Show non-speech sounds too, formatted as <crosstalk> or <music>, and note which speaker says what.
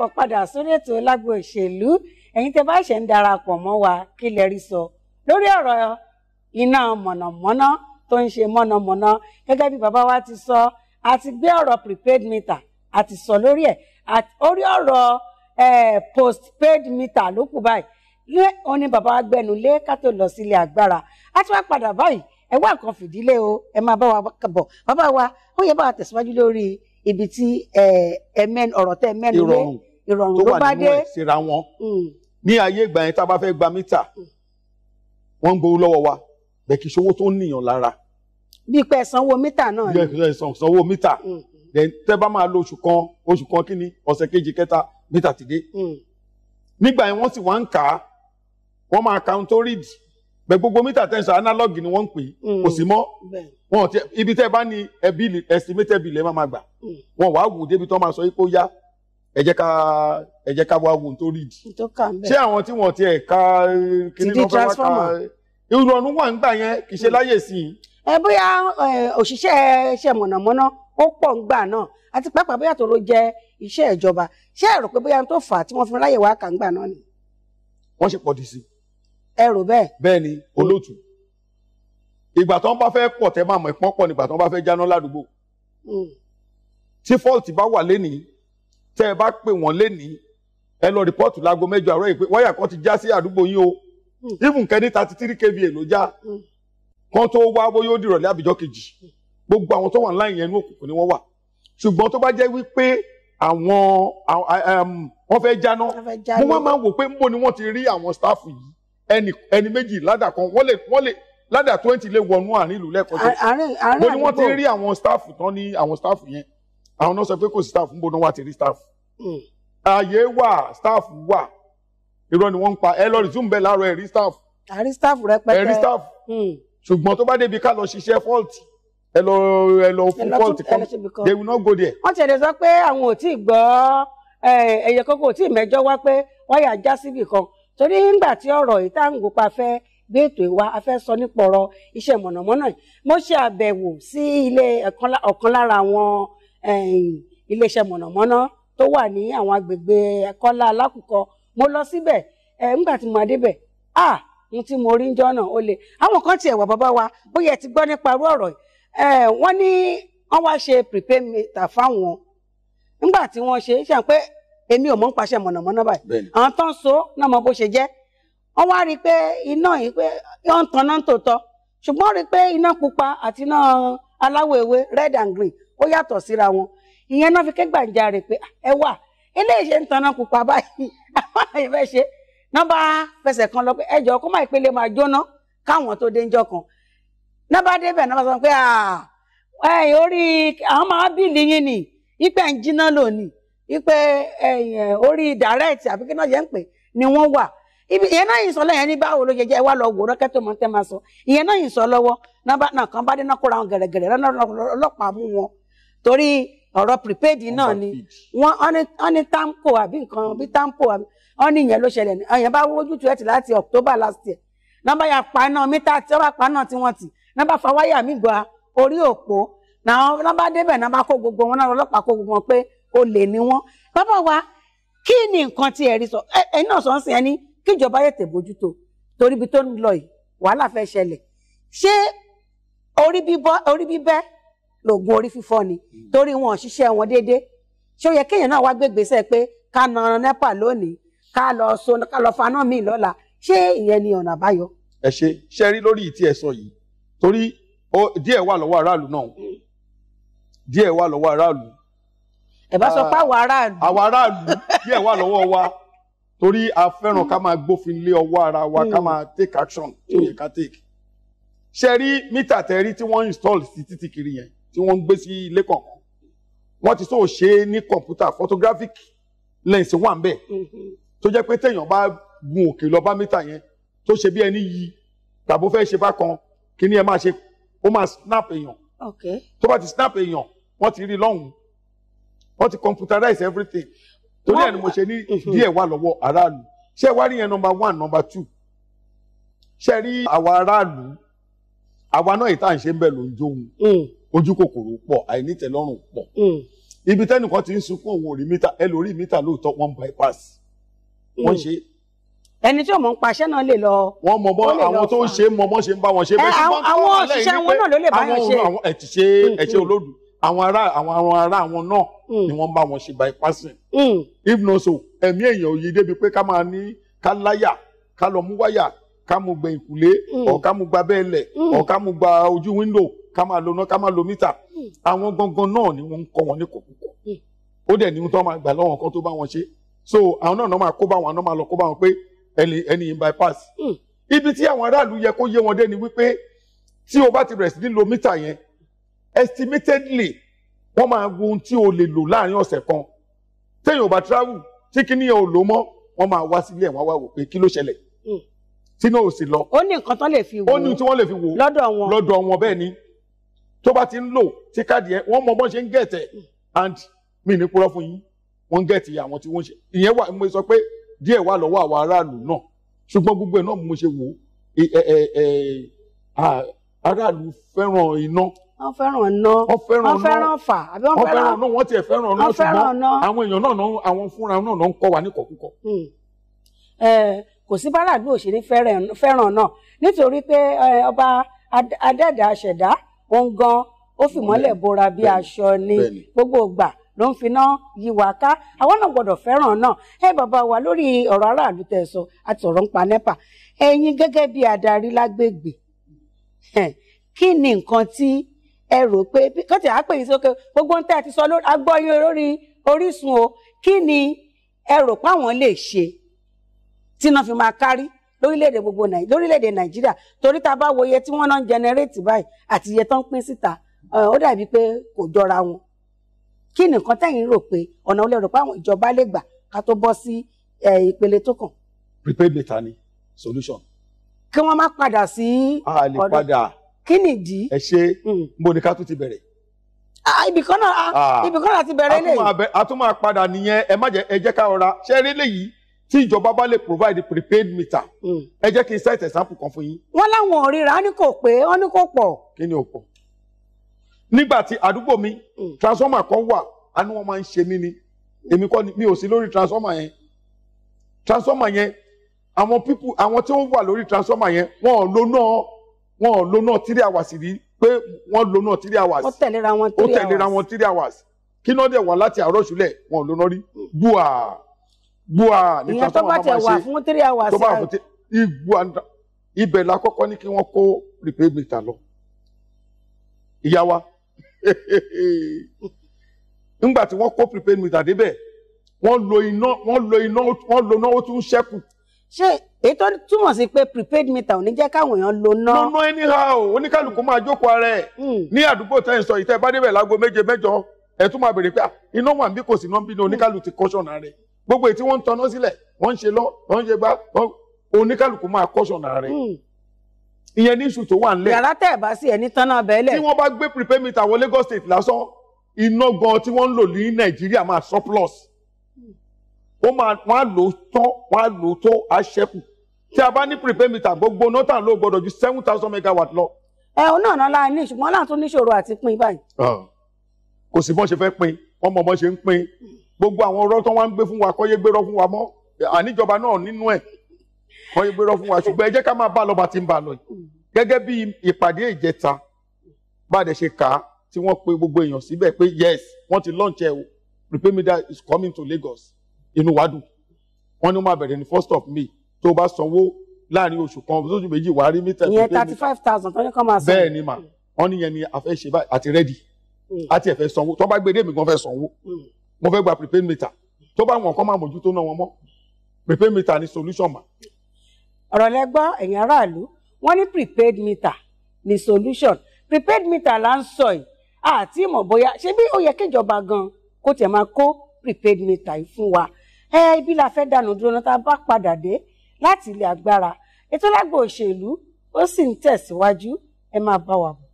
Speaker 1: káàbọ̀ padà sórí ètò lágbo ìṣèlú ẹ̀yin tẹ́ bá ṣẹ̀ ń darapọ̀ mọ́ wa kí lẹ rí sọ lórí ọ̀rọ̀ iná mọ̀nàmọ́ná tó ń ṣe mọ̀nàmọ́ná gẹ́gẹ́ bí bàbá wa ti sọ a ti gbé ọ̀rọ̀ prepaid meter a ti sọ lórí ẹ̀ orí ọ̀rọ̀ postpaid meter ló kù báyìí lé òní bàbá wa gbẹnu lé ká tó lọ sílé agbára a ti wá padà báyìí ẹ wá nǹkan fìdílé o ẹ máa bá wa bọ̀ bàbá wa ó yẹ bá wa tẹ̀síwájú lórí ibi tí ẹ mẹ́nu ọ̀rọ̀ tẹ́ mẹ́nu lé
Speaker 2: ìrọ̀rùn ló bá dé tó wà nínú ìsira wọn hmm. ní ayé ìgbà yẹn tá a bá fẹ́ gba mítà wọ́n ń gbowó lọ́wọ́ wa bẹ́ẹ̀ kì í ṣowó tó ń níyàn lára. bí pẹ́ sanwó mítà náà ni. bẹ́ẹ̀ sanwó mítà hmm. tẹ́ bá máa lo oṣù kan oṣù kan kí ni ọ̀sẹ̀ kejì kẹta mítà ti dé. Hmm. nígbà yẹn wọ́n sì wá ń kà á wọ́n máa ka ohun tó rí ìdì bẹ́ẹ̀ gbogbo mítà tẹ̀sán analogue ni wọ́n ń pè é kò sí mọ́ ibi tẹ́ bá ní ẹbí estimated bill ẹ máa gbà wọn wàá wù débi tó máa sọ yìí kó yá ẹ jẹ́ ká ẹ jẹ́ ká wá wo tó rí di ṣé àwọn tí wọ́n ti ẹ̀ ká kíní lọ́ fẹ́ wá ká ìrọ̀rùn wà nígbà yẹn kì í ṣe láyè sí i.
Speaker 1: ẹ bóyá òṣìṣẹ́ iṣẹ́ mọ̀nàmọ́ná ó pọ̀ ńgbà náà àti pàápàá bóyá tòró jẹ́ iṣẹ́ ìjọba ṣé ẹ rò
Speaker 2: pé bóyá tó fà á tí wọ́n fi láyè wá kà ńgbà náà ni. wọ́n ṣe pọ̀ dì sí. ẹ rò bẹ́ẹ̀. bẹ́ẹ̀ ni olóòtú ìgbà tó ń bá fẹ́ pọ̀ tẹ́ máa mọ̀ ìpọ́npọ̀ nígbà tó ń bá fẹ́ jáná ládùúgbò hmm. tí fọ́ọ̀tì bá wà lénìí tẹ́ ẹ bá pè wọ́n lénìí ẹ lọ rìpọ́ọ̀tù láago mẹ́jọ àárọ̀ yìí pé wáyà kan ti já sí àdúgbò yín o hmm. even kẹ́ni thirty three kva ló já hmm. kan tó wá bóyá ó dìrọ̀lẹ́ àbíjọ́ kejì gbogbo àwọn tó wà láì yẹn inú òkùnkùn ni wọ́n wà ṣùgbọ́n tó bá jẹ́ wípé àwọn um, wọ́n fẹ́ jáná mo wá máa ń wò pé ń bò ni wọ́n ti rí àwọn staff yìí ẹni ẹni méjì ládà kan wọ́n lè wọ́n lè ládà twenty lè wọnú àárín ìlú lẹ́ẹ̀kan tó bó ni wọ́n ti rí àwọn staff tán àwọn náà sọ pé kò sí staff ń bo náà wà ti rí staff ààyè hmm. wà staff wà irọ́ ni wọ́n ń pa ẹ lọ resume bẹ́ẹ̀ láàárọ̀ ẹ rí staff ẹ staff rẹpẹtẹ ẹ rí staff hmm. ṣùgbọ́n tó bá débi ká lọ ṣiṣẹ́ fọ́ọ̀tì ẹ lọ ẹ lọ fún fọ́ọ̀tì kan they will not go there.
Speaker 1: wọ́n ti ẹ̀ sọ pé àwọn ò tí ì gbọ́ ẹ̀yẹ kókó ò tí ì mẹ́jọ́ wá pé wáyà já síbì kan torí nígbà tí ọ̀rọ̀ yìí tá à ń gòpa fẹ́ gbé ètò ìwà a sọ nípa ọ̀rọ̀ iṣẹ́ mọ̀nàmọ́ná mo ṣe àbẹ̀wò sí ilé ọ̀kan lára àwọn iléeṣẹ́ mọ̀nàmọ́ná tó wà ní àwọn agbègbè Kọ́lá Alákùkọ mo lọ síbẹ̀ nígbà tí mo débẹ̀ ah ohun tí mo rí ń jọ́nà ó le àwọn kan tiẹ̀ wà bàbá wa bóyá ẹ ti gbọ́ nípa irú ọ̀rọ̀ yìí wọ́n ní wọ́n wá ṣe prepare meter fáwọn nígbà tí wọ́n ṣe ṣe pé èmi ò mọ̀ ń paṣẹ mọ̀nàmọ́ná báyìí àwọn tán so náà mọ bó ṣe jẹ́ wọ́n wá rí i pé iná yìí pé wọ́n ń tan náà tòótọ́ ṣùgbọ́n rí i pé iná pupa àti iná aláwọ̀ ewé red and green ó yàtọ̀ síra wọn ìyẹn náà fi ké gbàǹjarè pé ẹ wà eléyìí ṣe ń tanná pupa báyìí àwọn àyẹ̀fẹ́ ṣe nọ́mbà fẹsẹ̀ kan lọ pé ẹjọ́ kó má ìpele máa jóná káwọn tó dé ńjọ́ kan nọ́mbà débẹ̀ nọ́mbà sọ pé ẹ̀yìn orí àwọn máa bìlì yín ni ipe ń jiná lónìí ipe orí direct àbí kí náà yẹn ń pè ni wọ́n wà ibi ìyẹn náà yìí sọ lẹ́yìn ní báwo ló yẹjẹ wá lọ wò ó kẹ́tọ́ mọ́ tẹ́ máa sọ ìyẹn náà yìí sọ lọ́wọ́ nọ́mbà náà kan bá dé náà kóra wọn gẹ̀rẹ́gẹ̀rẹ́ lọ́nà ọlọ́pàá mú wọn torí ọ̀rọ̀ prepaid náà ni wọ́n ní tamco àbí nǹkan bí tamco wọ́n ní ìyẹn ló ṣẹlẹ̀ ní ọ̀yàn bá wójú tu ẹ̀ tì láti october last year nọ́mbà yà pa náà mítà tí wọ́n bá pa náà tí wọ́n tì nọ́mbà fa wáyà mí gba orí òpó nọ́mbà débẹ̀ nọ́mbà kó gbogbo wọn náà ọlọ́pàá kó gbogbo wọn pé olè ni wọ́n bàbá wa kí ni nǹkan tí ẹ̀rí sọ ẹ̀yin náà sọ ń sìn ẹni kíjọba yẹ̀tẹ̀ bójútó torí ibi tó ń lọ yìí wàhálà fẹ́ ṣẹlẹ̀ ṣé orí bíbẹ́ lóògùn orí fífọ́ ni torí wọn ṣiṣẹ́ wọn déédéé ṣó yẹ kéèyàn náà wá gbégbèsè pé ká na ọ̀ràn nẹ́pà lónìí ká lọ so ká lọ faná míì lọ́la ṣé ìyẹn ni
Speaker 2: ọ̀nà àbáyọ. ẹ ṣe ṣe rí lórí ìtí ẹ sọ yìí torí díẹ̀ wà lọ́wọ́ aráàlú náà díẹ̀ wà lọ́wọ́ aráàlú. ẹ bá sọ ah, pé àwọn aráàlú. àwọn aráàlú díẹ̀ wà lọ́wọ́ wa torí a fẹ́ràn ká máa gbófin lé ọwọ́ ara wa ká máa take action tí ó yẹ ká take. ṣe rí mítà tẹ́rí tí wọ́n install sí títì kiri yẹn tí wọ́n ń gbé sí ilé kọ̀ọ̀kan wọ́n ti sọ̀rọ̀ ṣe é ní kọ̀ǹpútà photographic lens wà ń bẹ̀ mm-hmm. tó jẹ́ pé téèyàn bá gun òkè lọ bá mítà yẹn tó ṣe bí ẹni yí tàbó fẹ́ ṣe bá kan kí ni ẹ máa ṣe ó máa snap èèyàn tó bá ti snap èèyàn wọ́n ti rí lọ́hùn-ún wọ́n ti computerize everything torí ẹni mo ṣe ní mm-hmm. díẹ̀ wà lọ́wọ́ aráàlú ṣé wá rí yẹn number one number two ṣé rí àwa aráàlú àwa náà ìta ń ṣe ń bẹ̀ ló jóun. Mm ojú kòkòrò pọ̀ àìnítẹ̀lọ́rùn pọ̀ hmm. ibi tẹ́nìkan ti ń sunkún òun ò rí mítà ẹ lórí mítà lóòótọ́ wọ́n bypass hmm. wọ́n ṣe ẹni tí òmò ń paṣẹ náà lè lọ. wọn mọ bọ àwọn tó ń ṣe mọ bọ ṣe ń bá wọn ṣe. ẹ àwọn òṣìṣẹ́ wọn náà ló lè bá wọn ṣe. àwọn ẹtì ṣe hmm. ẹṣẹ olódù àwọn ará àwọn ará àwọn náà ni wọ́n bá wọn ṣe bypassing. if no so ẹ̀mí èèyàn òye débi pé ká máa ní ká láyà ká lọ mú wáyà ká mú gbẹ ìkùlé ọ̀ ká mú gba bẹ́ẹ̀lẹ̀ ọ̀ ká mú gba ojú wíńdò ká máa lo iná ká máa lo mítà hmm. àwọn gangan náà ni wọ́n ń kọ́ wọn ní kòkòkò hmm. ó dẹ̀ ní tó máa gbà lọ́wọ́ kan tó bá wọn ṣe so àwọn náà náà máa kó bá wọn náà máa lọ kó bá wọn pé ẹni ẹni yìí bypass hmm. ibi tí àwọn aráàlú yẹ kó yé wọn dé ni wípé tí o bá ti bẹ̀rẹ̀ sí ní lo mítà yẹn estimatedly wọ́n máa wo ohun tí o lè lò láàrin ọ̀sẹ̀ kan téèyàn ò bá travel tí kíní yẹn ò lò mọ́ wọ́n máa wá sílé ẹ̀ wọ́n wá wò pé kí ló ṣẹlẹ̀ tí náà ò sì lọ. ó
Speaker 1: ní nǹkan tó lè fi
Speaker 2: wò ó ní tí wọ́n lè fi wò lọ́dọ̀ wọn lọ́dọ̀ wọn bẹ́ẹ̀ ni tó bá ti ń lò tí káàdì yẹn wọ́n mọ bọ́n ṣe ń gẹ̀tẹ̀ and mi ní purọ́ fún yín wọ́n ń gẹ̀tì àwọn tí wọ́n ṣe ìyẹn wà mo sọ pé díẹ̀ wà lọ́wọ́ àwọn aráàlú náà ṣùgbọ́n gbogbo ẹ̀ náà mo ṣe wò ó aráàlú fẹ́ràn iná
Speaker 1: wọ́n fẹ́ràn ná wọ́n fẹ́ràn fà àbí wọ́n fẹ́ràn ná wọ́n tiẹ̀ fẹ́ràn ná ṣùgbọ́n àwọn èèyàn náà àwọn fúnra náà náà ń kọ́ wa ní kọ̀kúkọ̀. Hmm. kò sí báràdú òṣèré fẹ́ràn náà nítorí pé ọba adẹ́dàá ṣẹ̀dá òun gan ó fìmọ́lẹ̀ bora bí aṣọ ni gbogbo ìgbà ló ń finá yí wa ká àwọn náà gbọ́dọ̀ fẹ́ràn náà ẹ bàbá wa lórí ọ̀rọ̀ aráàlú tẹ̀sọ àti ọ̀rọ̀ ń pa nẹ́pà ẹ̀yin gẹ́gẹ́ bí adarí lágbègbè kí ni nǹkan tí ẹ rò pé kọ́tì àápè yìí sókè gbogbo ń tẹ́ àti sọ agbọ́yé lórí Orísun o kí ni ẹ rò páwọn lè ṣe tí náà fi máa kárí lórílẹ̀‐èdè gbogbo lórílẹ̀‐èdè nàìjíríà torí tá a bá wo iye tí wọ́n náà ń jẹnẹrétì báyìí àti iye tó ń pín síta ó dàbí pé kò jọra wọn kí nìkan tẹ̀yin rò pé ọ̀nà olè rò pé àwọn ìjọba lè gbà ká tó bọ́ sí ìpele tó kàn.
Speaker 2: prepaid later ni solution. kí wọ́n má padà sí ọ̀dọ̀ kí nìdí. ẹ ṣe hmm. mo ní ká tún ti bẹ̀rẹ̀ ibìkan náà ah. ibìkan náà ti bẹ̀rẹ̀ lẹ́yìn. a tún máa padà nìyẹn ẹ má jẹ́ ẹ jẹ́ ká rọra ṣe eré léyìí tí ìjọba bá lè provide prepaid meter hmm. ẹ jẹ́ kí n cite example kan fún yín. wọ́n láwọn ò ríra ní kò pé wọ́n ní kò pọ̀. kí ni ò pọ̀ nígbà tí àdúgbò mi hmm. transformer kan wà á ní wọ́n máa ń ṣe mí ni èmi kọ́ ni mi ò sí lórí transformer yẹn transformer yẹn àwọn people àwọn tí wọ́n wà lórí transformer yẹn wọ́n ò lo náà wọ́n ò lo náà three hours rí pé wọ́n lo náà three hours ó tẹ̀léra wọn three hours ó tẹ̀léra wọn three hours kí náà dẹ̀ wà láti àárọ̀ ṣúlẹ̀ wọ́n ò lo náà rí hmm. bua gbúà ní tàbí wọn máa ṣe ìyẹn tó bá tẹ wà fún three hours tó bá fún three igbua ibẹ̀ la kọ́kọ́ ní kí wọ́n kó repair meter lọ ìyá wa <laughs> nígbà tí wọ́n kó prepaid meter débẹ̀ wọ́n lo iná wọ́n lo iná wọ́n lo iná ó tún ṣẹ́kù. ṣé èyí tó túmọ̀ sí pé prepaid meter ò ní jẹ́ káwọn èèyàn lo ná. lọ́nà anyhow oníkálukú máa jókòó ara ẹ̀ hmm. ní àdúgbò tẹ́ ń sọ ìtẹ́ bá débẹ̀ láago méje mẹ́jọ ẹ̀ tún máa béèrè pé ah, iná wà ń bí kò sí iná ń bí ní oníkálukú ti kọ́ṣọ̀nà rẹ̀ gbogbo ètí wọ́n ń tanná sílẹ̀ wọ́n ń ṣe lọ wọ́n ń ṣe gbá oníkálukú máa kọ́ṣọ̀n náà rẹ̀ hmm. ìyẹn ní iṣu tó wà ńlẹ̀. yàrá tẹ̀ bá sí ẹni tán náà bẹ́ẹ̀ lẹ̀. tí wọ́n bá gbé prepaid meter wọ Lagos state lásán iná gan tí wọ́n ń lò ní Nàìjíríà máa surplus ó máa wọ́n á lò ó tán wọ́n á lò ó tó á ṣẹ́kù tí a bá ní prepaid meter gbogbo nọ́tà ló gbọdọ̀ ju seven thousand megawatt lọ. ẹ o náà náà láàánú ṣùgbọ́n láàtún níṣòro àti pín báyìí. Ah. kò sí bọ́n ṣe fẹ́ pín wọ́n mọ̀ bọ́n ṣe ń pín gbogbo àwọn ọ̀rọ̀ tó wá ń gbé fún wa kọ́yé gbérọ́ fún wa mọ́ àníjọba náà nínú ẹ̀ kọ́yé gbérọ́ fún wa ṣùgbọ́n ẹ jẹ́ ká máa bá lọ́ba tí ń bá lọ yìí gẹ́gẹ́ bí ìpàdé ìjẹta bá a dẹ̀ ṣe kà á tí wọ́n pe gbogbo èèyàn síbẹ̀ pé yes wọ́n ti launch ẹ̀ o Lupemida is coming to Lagos inú wa dùn wọ́n ní ó máa bẹ̀rẹ̀ ní first of May tó bá sanwó láàrin oṣù kan oṣù méjì wàá rí mítà ìyẹn thirty five
Speaker 1: thousand tó ní kọ́ máa san bẹ́ẹ̀
Speaker 2: ni mà wọ́n níyẹn ni a fẹ́ ṣe báyìí àti ready mm. àti ẹ̀fẹ́ sanwó tó bá mo fẹ́ gba prepaid meter tó bá wọn kọ́ máa mójútó náà wọn mọ́ prepaid meter ni solution ma. ọ̀rọ̀ lẹ́gbọ́ ẹ̀yin
Speaker 1: aráàlú wọ́n ní prepaid meter ni solution prepaid meter là ń sọ yìí àti ìmọ̀ bóyá ṣé bí ó yẹ kíjọba gan kó tiẹ̀ máa kó prepaid meter yìí fún wa ẹ ibi la fẹ́ dànù dúró náà tá a bá padà dé láti ilé agbára ètò lágbo òṣèlú ó sì ń tẹ̀síwájú ẹ máa bá wa bọ̀.